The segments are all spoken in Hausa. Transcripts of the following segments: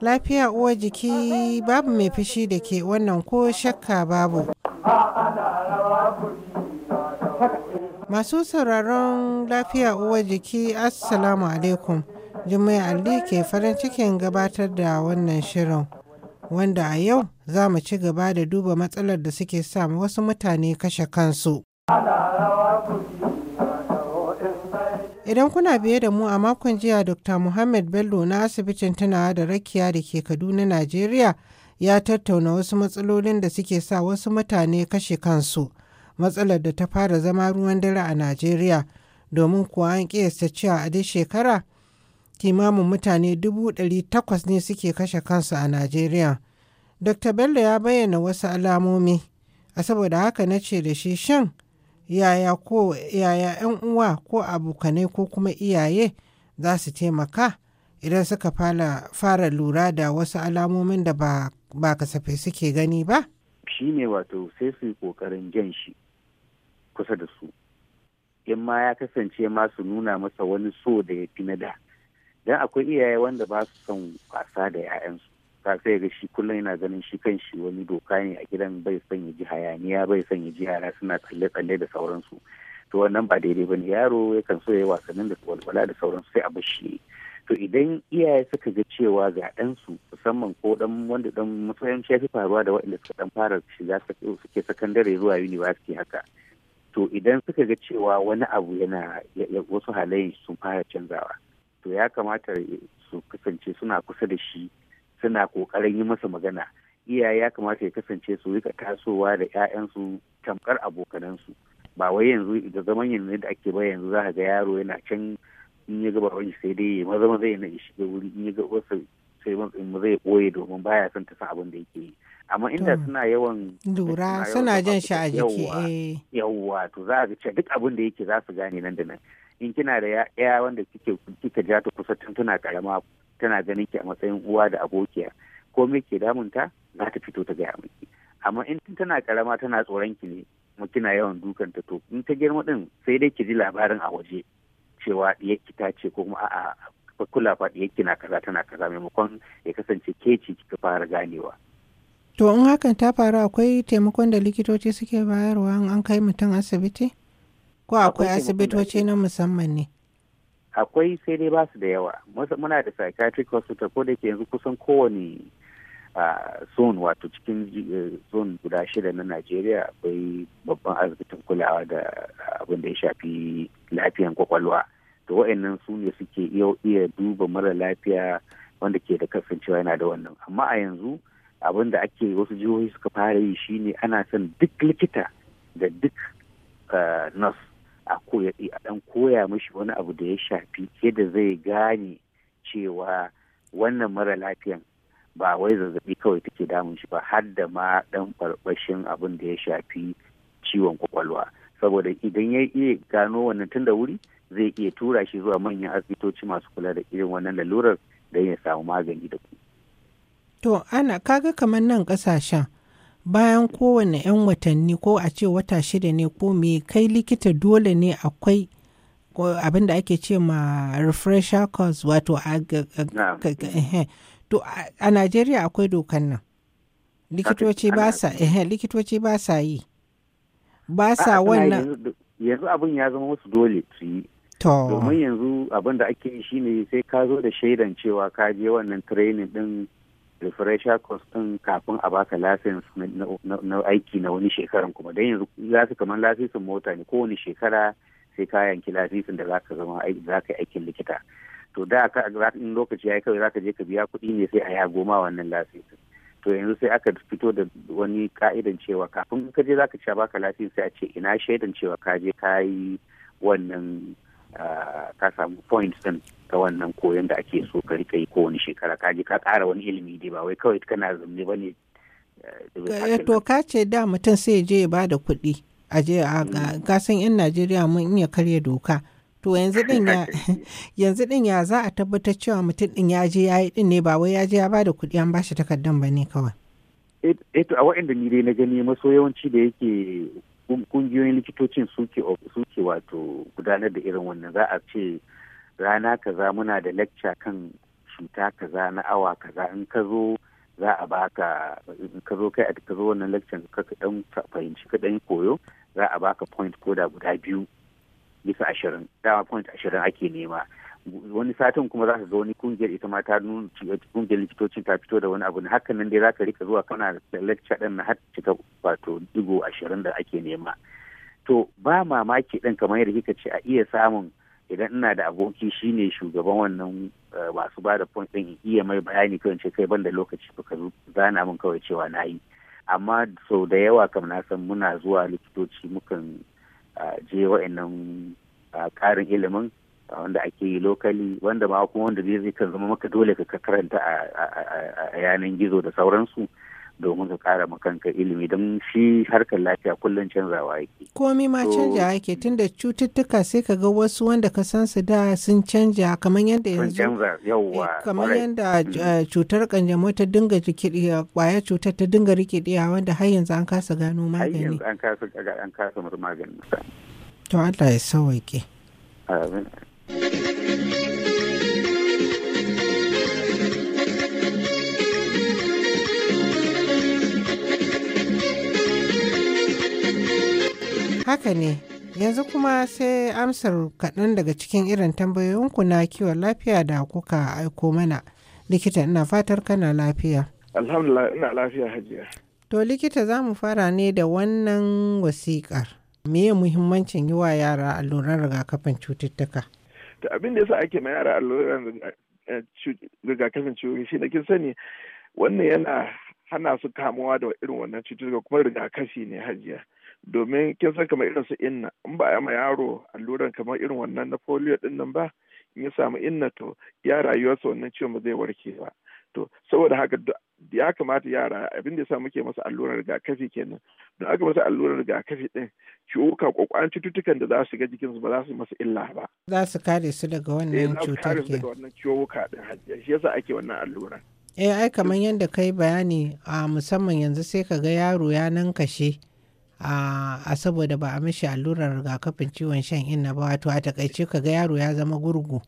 Lafiya uwar jiki babu mai fushi da ke wannan ko shakka babu. Masu sauraron lafiya uwar jiki Assalamu alaikum. Jummai Ali ke farin cikin gabatar da wannan shirin. wanda a yau za mu ci gaba da duba matsalar da suke samu wasu mutane kashe kansu. Idan kuna biye da mu a makon jiya Dr. Muhammad Bello na asibitin tunawa da rakiya da ke Kaduna, Najeriya ya tattauna wasu matsalolin da suke sa wasu mutane kashe kansu. Matsalar da ta fara zama ruwan dare a Najeriya domin kuwa an ƙiyasta cewa a duk shekara kimamin mutane dubu ɗari takwas ne suke kashe kansu a Najeriya. Dr. Bello ya bayyana wasu alamomi, a saboda haka na ce da shi shan yaya ko yaya 'yan uwa ko abokanai ko kuma iyaye za su taimaka idan suka fara lura da wasu alamomin da ba kasafai suke gani ba? Shi ne wato sai su yi ƙoƙarin jan shi kusa da su. In ma ya kasance ma su nuna masa wani so da ya fi na da. dan akwai iyaye wanda ba su son wasa da 'ya'yansu ta sai ga shi kullum yana ganin shi kan shi wani doka ne a gidan bai son ya ji hayaniya bai son ya ji yara suna tsalle-tsalle da sauransu to wannan ba daidai ba ne yaro yakan so ya yi wasannin da walwala da sauransu sai a bar shi to idan iyaye suka ga cewa ga ɗansu musamman ko dan wanda ɗan matsayanci ya fi faruwa da waɗanda suka dan fara shiga suke sakandare zuwa university haka to idan suka ga cewa wani abu yana wasu halayen sun fara canzawa to ya kamata su kasance suna kusa da shi suna kokarin yi masa magana iyaye ya kamata ya kasance su rika tasowa da 'ya'yansu tamkar abokanansu ba wai yanzu da zaman yanzu da ake ba yanzu za ka ga yaro yana can in ya gaba wani sai dai maza maza yana da wuri in ya ga wasu sai in maza ya boye domin baya son ta san abin da yake yi amma inda suna yawan lura suna jan shi a jiki yawwa eh. to za a ga duk abin da yake za su gane nan da nan in kina da ya'ya wanda kike kika ja ta kusa tun tana karama tana ganin ki a matsayin uwa da abokiya ko me ke damunta za ta fito ta gaya miki amma in tun tana karama tana tsoron ki ne mu kina yawan dukan ta to in ta girma din sai dai ki ji labarin a waje cewa diyarki ta ce ko kuma a'a kula fa diyarki na kaza tana kaza maimakon ya kasance ke ce kika fara ganewa to in hakan ta faru akwai taimakon da likitoci suke bayarwa an kai mutum asibiti ko akwai asibitoci na musamman ne akwai sai dai basu da yawa muna da psychiatric hospital ko da ke yanzu kusan kowane zone wato cikin eh, zone guda shida na najeriya akwai babban asibitin kulawa da abin da ya shafi lafiyan kwakwalwa to wa'annan su ne suke iya duba mara lafiya wanda ke da kasancewa yana da wannan amma a yanzu abin da ake wasu jihohi suka fara yi shine ana son duk likita da duk eh, nurse a koya a ɗan koya mashi wani abu da ya shafi yadda zai gane cewa wannan mara lafiyan ba wai zazzabi kawai take damun shi ba har da ma dan barbashin abin da ya shafi ciwon kwakwalwa saboda idan ya iya gano wannan tun da wuri zai iya tura shi zuwa manyan asibitoci masu kula da irin wannan lalurar don ya samu magani da ku. To ana kaga kamar nan kasashen bayan kowane 'yan watanni ko a ce wata shida ne ko me kai likita dole ne akwai abin da ake ce ma refresher course wato to a Najeriya akwai dokan nan likitoci ba sa likitoci ba sa yi ba sa wannan yanzu abin ya zama wasu dole su yi domin yanzu abin da ake yi shine sai ka zo da shaidan cewa ka je wannan training din refresher course din kafin a baka license na aiki na wani shekaran kuma dan yanzu za su kamar lasisin mota ne kowane shekara sai ka yanki lasisin da zaka zama zaka yi aikin likita to da ka in lokaci yayi kawai zaka je ka biya kuɗi ne sai a ya goma wannan lasisin to yanzu sai aka fito da wani ka'idan cewa kafin ka je zaka ci baka lasisin sai a ce ina shaidan cewa ka je ka yi wannan Ah, ka samu points din ta wannan koyon da ake so ka rika yi kowane shekara ka ji ka ƙara wani ilimi dai ba wai kawai kana zumbi ba ne eh, eh, to ka ce da mutum sai je ya bada kuɗi a je a gasan mm. 'yan najeriya mun iya karya doka to yanzu din ya za a tabbatar cewa mutum ɗin ya je ya yi din ne ba wai ya je ya bada kuɗi an bashi takardan ba ne kawai eh, eh to a waɗanda ni dai na gani maso yawanci da yake kungiyoyin likitocin suke suke wato gudanar da irin wannan za a ce rana kaza muna da lecture kan cuta kaza na awa kaza in ka zo za a baka in ka zo kai a ka zo wannan lecture ka dan fahimci ka dan koyo za a baka point koda guda biyu bisa ashirin dama point ashirin ake nema wani satin kuma za su zo wani kungiyar ita ma ta nuna kungiyar likitocin ta fito da wani abu ne hakan nan dai za ka rika zuwa kana da lecture din na har cika wato digo ashirin da ake nema to ba mamaki din kamar yadda kika ce a iya samun idan ina da aboki shine shugaban wannan eh, masu ba da point din iya mai bayani kawai ce kai banda lokaci ka zana min kawai cewa na yi amma sau da yawa kam na san muna zuwa likitoci mukan eh, je wa'annan karin eh, ilimin wanda ake yi lokali wanda ma kuma wanda zai kan zama maka dole ka karanta a yanan gizo da sauransu domin ka kara makanka ilimi don shi harkar lafiya kullum canzawa yake. Komi ma canja yake tunda cututtuka sai ka ga wasu wanda ka san su da sun canja kamar yadda yanzu. Eh, kamar yadda mm. eh, cutar kanjamau ta dinga rikidiya kwaya cutar ta dinga rikidiya wanda har yanzu an kasa gano magani. Har yanzu an kasa magani. To Allah ya sawaike. Amin. Haka ne, yanzu kuma sai amsar kaɗan daga cikin irin tambayoyinku na kiwon lafiya da kuka aiko mana. Likita ina fatar kana lafiya. Alhamdulillah ina lafiya hajiya. To likita za mu fara ne da wannan wasiƙar. Me muhimmancin yi wa yara alluran rigakafin cututtuka? to abin da yasa ake ma yara alluran eh, rigakafin ciwoyi shi da kin sani wannan yana hana su kamuwa da irin wannan cututtuka kuma rigakafi ne hajiya domin kin san kamar irin su inna in ba a ma yaro alluran kamar irin wannan na polio din nan ba in ya samu inna to ya rayuwarsa wannan ciwon ba zai warke ba to saboda haka ya kamata yara abin da sa muke masa allurar rigakafi kenan don aka masa allurar rigakafi din ciwuka kwakwan cututtukan da za su ga jikinsu ba za su masa illa ba za su kare su daga wannan eh, cutar ke daga wannan ciwuka din shi yasa ake wannan allurar eh ai kamar yadda kai bayani a musamman yanzu sai ka ga yaro ya nan kashe a saboda ba a mishi allurar rigakafin ciwon shan inna ba wato a takaice ka ga yaro ya zama gurgu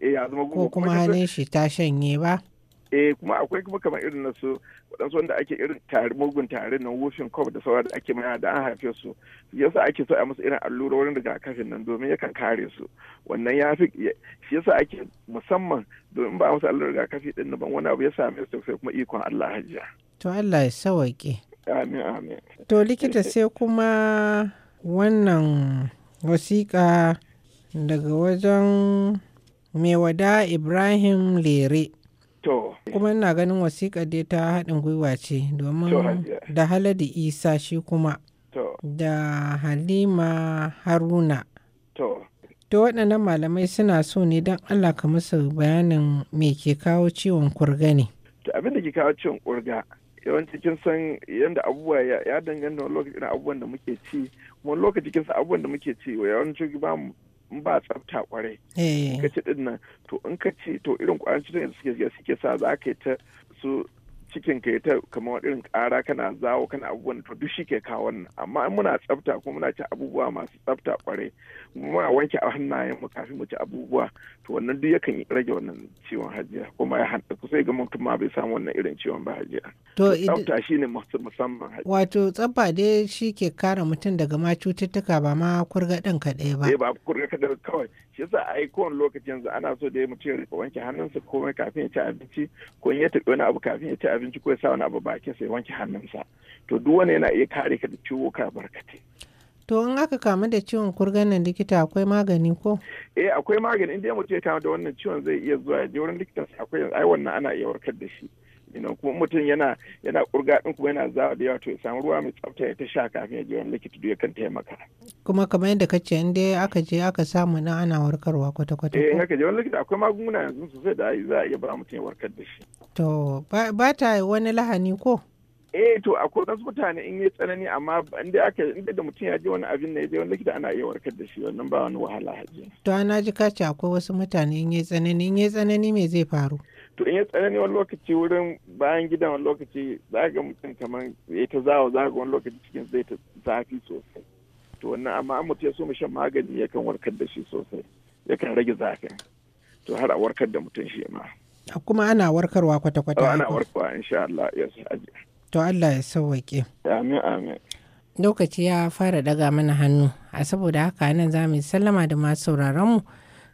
eh, ko kuma hannun shi ta shanye ba eh kuma akwai kuma kamar irin na su waɗansu wanda ake irin tare mugun tare na wufin kof da sauran da ake mana da an haife su yasa ake so a musu irin daga rigakafin nan domin yakan kare su wannan ya fi shi yasa ake musamman domin ba a allura daga rigakafi din ban wani abu ya same su sai kuma ikon Allah hajiya to Allah ya sawaƙe amin amin to likita sai kuma wannan wasiƙa daga wajen mai wada Ibrahim Lere To. Kuma ina ganin wasiƙa dai ta haɗin gwiwa ce domin da Haladu Isa shi kuma. To. Da Halima Haruna. To. To waɗannan malamai suna so ne don Allah ka musu bayanin me ke kawo ciwon kurga ne. To abin da ke kawo ciwon kurga yawanci kin san yadda abubuwa ya danganta wani lokaci abubuwan da muke ci wani lokaci kin san abubuwan da muke ci yawanci ba mu in ba tsafta kwarai eh. ka ci din to in ka ci to irin kwayan cutar da suke sa za ka yi ta su cikin ka ta kamar irin ƙara kana zawo kana abubuwan to duk shi ke kawo wannan amma in muna tsafta kuma muna ci abubuwa masu tsafta kwarai muna wanke hannayen mu kafin mu ci abubuwa to wannan duk yakan rage wannan ciwon hajiya kuma ya hada sai ga mutum ma bai samu wannan irin ciwon ba hajiya to tsafta shine musamman hajiya wato tsafta dai shi ke kare mutum daga ma cututtuka ba ma kurgadin kaɗai ba eh ba kaɗai kawai shi yasa a kowane lokaci yanzu ana so da mutum ya wanke hannunsa komai kafin ya ci abinci ko ya tafi wani abu kafin ya ci abinci abinci ko ya sa wani abu bakin sa ya wanke hannunsa to duk wani yana iya kare ka da ciwo ka barkate to in aka kamu da ciwon kurgan nan likita akwai magani ko eh akwai magani inda mutum ya kamu da wannan ciwon zai iya zuwa ya je wurin likita akwai ai wannan ana iya warkar da shi you kuma mutum yana yana kurga din kuma yana zawa da yawa to ya samu ruwa mai tsafta ya ta sha kafin ya je wani likita duk ya kan taimaka kuma kamar yadda ka in dai aka je aka samu na ana warkarwa kwata kwata eh haka je wani likita akwai magunguna yanzu sosai da za a iya ba mutum ya warkar da shi to ba ta wani lahani ko eh to akwai wasu mutane in yi tsanani amma in dai aka inda da mutum ya je wani abin ne ya je wani likita ana iya warkar da shi wannan ba wani wahala haji to ana ji ce akwai wasu mutane in yi tsanani in yi tsanani me zai faru to in ya tsanani wani lokaci wurin bayan gidan wani lokaci za ga mutum kamar ya ta zawa, za ga wani lokaci cikin zai ta zafi sosai to wannan amma an mutum ya so shan magani ya kan warkar da shi sosai ya kan rage zafin to har a warkar da mutum shi ma kuma ana warkarwa kwata-kwata ana warkarwa insha Allah ya to Allah ya sauwaƙe amin amin lokaci ya fara daga mana hannu a saboda haka nan za mu sallama da masu sauraronmu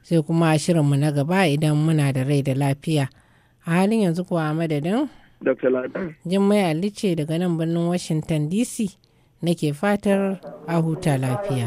sai kuma shirinmu na gaba idan muna da rai da lafiya. a halin yanzu kuwa a madadin dr ladan daga nan birnin washington dc na ke fatar a huta lafiya